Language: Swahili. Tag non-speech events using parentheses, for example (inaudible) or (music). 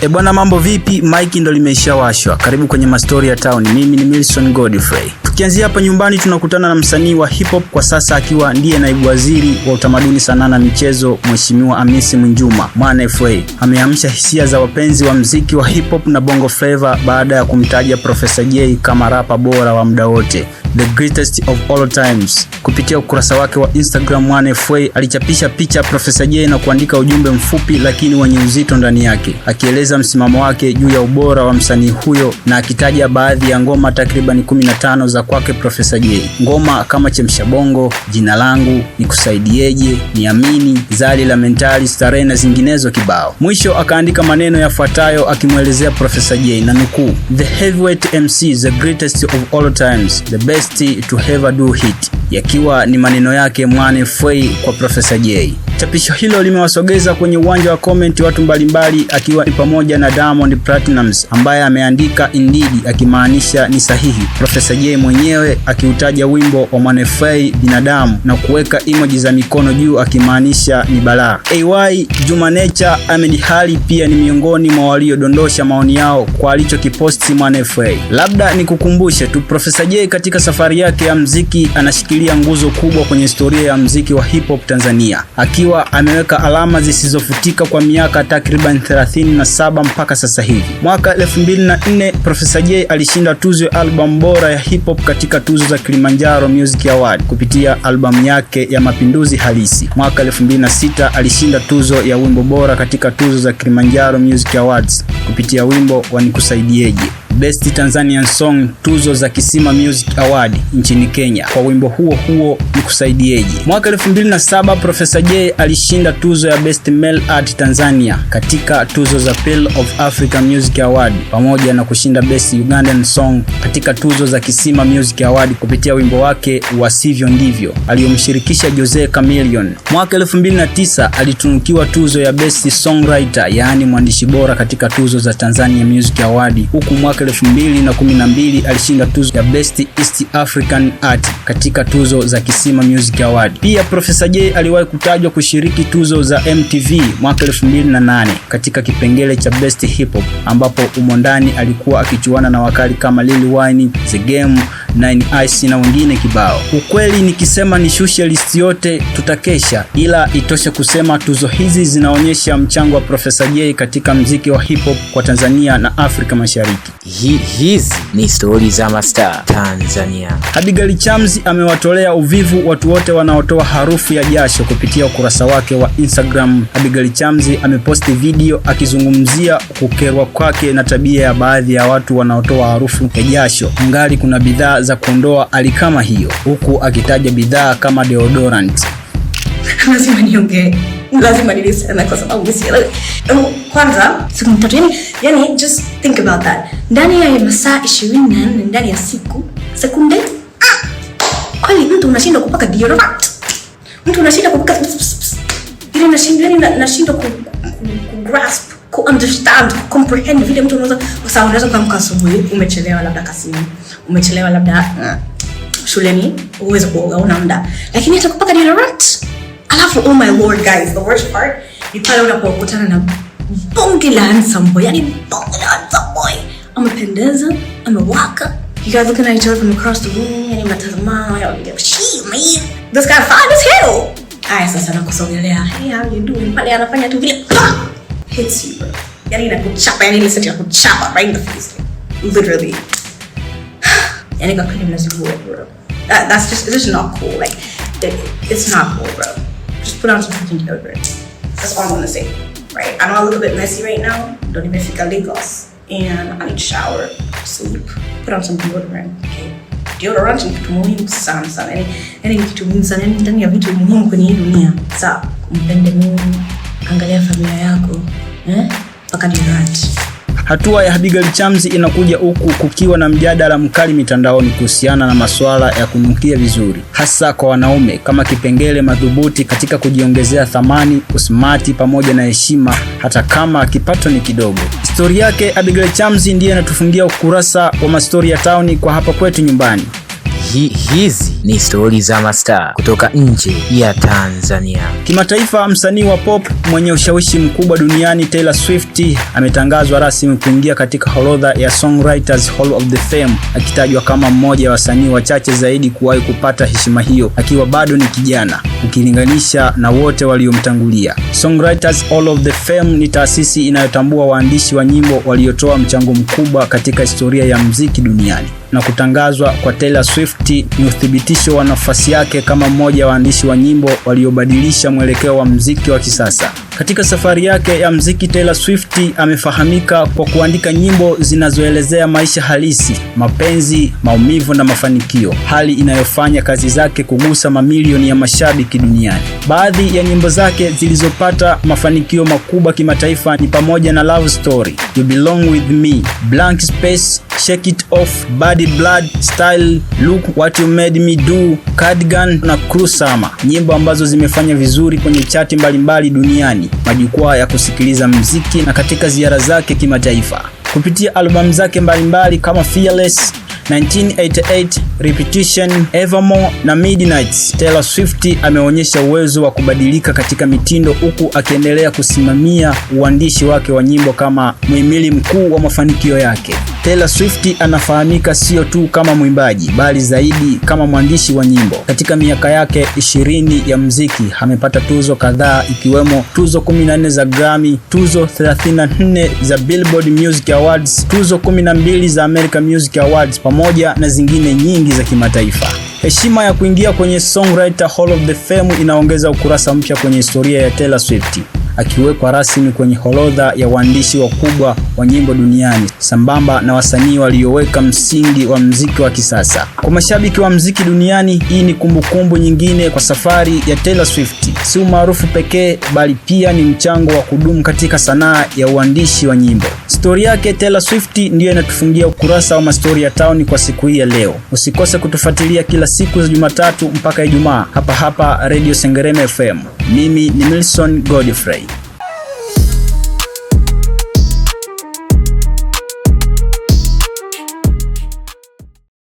E bwana, mambo vipi? Mike ndo limeshawashwa. Karibu kwenye mastori ya town. Mimi ni Milson Godfrey. Tukianzia hapa nyumbani tunakutana na msanii wa hip hop kwa sasa akiwa ndiye naibu waziri wa utamaduni, sanaa na michezo, Mheshimiwa Hamisi Mwinjuma Mwana FA ameamsha hisia za wapenzi wa mziki wa hip hop na bongo flava baada ya kumtaja Profesa Jay kama rapa bora wa muda wote the greatest of all times. Kupitia ukurasa wake wa Instagram, Mwana FA alichapisha picha ya Profesa Jay na kuandika ujumbe mfupi lakini wenye uzito ndani yake, akieleza msimamo wake juu ya ubora wa msanii huyo na akitaja baadhi ya ngoma takriban 15 za kwake Profesa J. Ngoma kama chemsha bongo, jina langu nikusaidieje, niamini, zali la mentali, starehe na zinginezo kibao. Mwisho akaandika maneno yafuatayo akimwelezea Profesa J na nukuu, the heavyweight MC, the greatest of all times, the best to ever do hit, yakiwa ni maneno yake Mwane fwei kwa Profesa J. Chapisho hilo limewasogeza kwenye uwanja wa komenti watu mbalimbali, akiwa ni pamoja na Diamond Platnumz ambaye ameandika Indeed akimaanisha ni sahihi, Profesa j mwenyewe akiutaja wimbo wa Mwanefai binadamu na kuweka emoji za mikono juu akimaanisha ni balaa. AY Juma Nature Ahmed pia ni miongoni mwa waliodondosha maoni yao kwa alichokiposti Mwanefai. Labda nikukumbushe tu, Profesa j katika safari yake ya mziki anashikilia nguzo kubwa kwenye historia ya mziki wa hip hop Tanzania Aki akiwa ameweka alama zisizofutika kwa miaka takriban 37 mpaka sasa hivi. Mwaka 2004 Profesa Jay alishinda tuzo ya albamu bora ya hip hop katika tuzo za Kilimanjaro Music Award kupitia albamu yake ya Mapinduzi Halisi. Mwaka 2006 alishinda tuzo ya wimbo bora katika tuzo za Kilimanjaro Music Awards kupitia wimbo wa Nikusaidieje. Best Tanzanian Song tuzo za Kisima Music Award nchini Kenya kwa wimbo huo huo Nikusaidieje. Mwaka 2007 Professor J alishinda tuzo ya Best Male Art Tanzania katika tuzo za Pearl of Africa Music Award pamoja na kushinda Best Ugandan Song katika tuzo za Kisima Music Award kupitia wimbo wake Wasivyo Ndivyo aliyomshirikisha Jose Chameleon. Mwaka 2009 alitunukiwa tuzo ya Best Songwriter, yaani mwandishi bora katika tuzo za Tanzania Music Award huku mwaka 2012 alishinda tuzo ya Best East African Art katika tuzo za Kisima Music Award. Pia Profesa Jay aliwahi kutajwa kushiriki tuzo za MTV mwaka 2008 katika kipengele cha Best Hip Hop ambapo umondani alikuwa akichuana na wakali kama Lil Wayne, The Game 9 Ice na wengine kibao. Ukweli nikisema nishushe listi yote tutakesha, ila itoshe kusema tuzo hizi zinaonyesha mchango wa Profesa Jay katika mziki wa hip hop kwa Tanzania na Afrika Mashariki. Hi, hizi ni stori za master Tanzania. Abigail Chams amewatolea uvivu watu wote wanaotoa harufu ya jasho kupitia ukurasa wake wa Instagram. Abigail Chams ameposti video akizungumzia kukerwa kwake na tabia ya baadhi ya watu wanaotoa harufu ya jasho. Ngali kuna bidhaa za kuondoa hali kama hiyo, huku akitaja bidhaa kama deodorant. (laughs) Lazima niongee, lazima nilisema kwa sababu sielewi. Oh, kwanza siku tatu, yani yani, just think about that, ndani ya masaa 24 ndani ya siku sekunde, ah, kwani mtu unashindwa kupaka deodorant? Mtu unashindwa kupaka, ili yaani, nashindwa, nashindwa ku grasp ku understand ku comprehend vile mtu unaweza, kwa sababu unaweza kuamka asubuhi umechelewa, labda kazini umechelewa, labda uh, shuleni uweze kuoga, una muda, lakini hata itakupaka direct. Alafu oh my lord guys, the worst part ni pale unapokutana na bonge la handsome boy, yani bonge la handsome boy, amependeza, amewaka You guys looking at each other from across the room, yani matazama she me this guy fine as hell. Aya, sasa nakusogelea, hey how you doing? Pale anafanya tu vile hits you, bro. Yani in a yani listen to kuchapa right in the face, like, literally. yani (sighs) kakulimnaziguo, bro. That, that's just, it's just not cool. Like, it's not cool, bro. Just put on some fucking deodorant. That's all I'm gonna say, right? I know I look a bit messy right now. Don't even think I lip gloss. And I need shower, sleep, put on some deodorant, okay? Deodorant ni kitu muhimu sana sana, yani yani kitu muhimu sana, yani ndani ya vitu muhimu kwenye hii dunia. Sawa, umpende Mungu, angalia familia yako, Hmm? Hatua ya Abigail Chamzi inakuja huku kukiwa na mjadala mkali mitandaoni kuhusiana na masuala ya kunukia vizuri, hasa kwa wanaume kama kipengele madhubuti katika kujiongezea thamani, usmati pamoja na heshima, hata kama kipato ni kidogo. Stori yake Abigail Chamzi ndiye anatufungia ukurasa wa mastori ya tauni kwa hapa kwetu nyumbani. Hi, hizi ni stori za mastaa kutoka nje ya Tanzania. Kimataifa, msanii wa pop mwenye ushawishi mkubwa duniani Taylor Swift ametangazwa rasmi kuingia katika orodha ya Songwriters Hall of the Fame, akitajwa kama mmoja wa wasanii wachache zaidi kuwahi kupata heshima hiyo akiwa bado ni kijana ukilinganisha na wote waliomtangulia. Songwriters Hall of the Fame ni taasisi inayotambua waandishi wa nyimbo waliotoa mchango mkubwa katika historia ya muziki duniani na kutangazwa kwa Taylor Swift ni uthibitisho wa nafasi yake kama mmoja wa waandishi wa nyimbo waliobadilisha mwelekeo wa muziki wa kisasa. Katika safari yake ya mziki, Taylor Swift amefahamika kwa kuandika nyimbo zinazoelezea maisha halisi, mapenzi, maumivu na mafanikio, hali inayofanya kazi zake kugusa mamilioni ya mashabiki duniani. Baadhi ya nyimbo zake zilizopata mafanikio makubwa kimataifa ni pamoja na Love Story, You Belong With Me, Blank Space, Shake It Off, Bad Blood, Style, Look What You Made Me Do, Cardigan na Cruel Summer, nyimbo ambazo zimefanya vizuri kwenye chati mbalimbali duniani majukwaa ya kusikiliza mziki na katika ziara zake kimataifa. Kupitia albamu zake mbalimbali kama Fearless 1988, Repetition, Evermore na Midnight. Taylor Swift ameonyesha uwezo wa kubadilika katika mitindo huku akiendelea kusimamia uandishi wake wa nyimbo kama muhimili mkuu wa mafanikio yake. Taylor Swift anafahamika sio tu kama mwimbaji bali zaidi kama mwandishi wa nyimbo. Katika miaka yake ishirini ya muziki amepata tuzo kadhaa ikiwemo tuzo 14 za Grammy, tuzo 34 za Billboard Music Awards, tuzo 12 za American Music Awards pamoja na zingine nyingi za kimataifa. Heshima ya kuingia kwenye Songwriter Hall of the Fame inaongeza ukurasa mpya kwenye historia ya Taylor Swift, akiwekwa rasmi kwenye horodha ya waandishi wakubwa wa nyimbo duniani sambamba na wasanii walioweka msingi wa mziki wa kisasa. Kwa mashabiki wa mziki duniani, hii ni kumbukumbu nyingine kwa safari ya Taylor Swift. Si umaarufu pekee, bali pia ni mchango wa kudumu katika sanaa ya uandishi wa nyimbo. Stori yake Taylor Swift ndiyo inatufungia ukurasa wa mastori ya town kwa siku hii ya leo. Usikose kutufuatilia kila siku za Jumatatu mpaka Ijumaa hapa hapa Radio Sengerema FM. Mimi ni Milson Godfrey.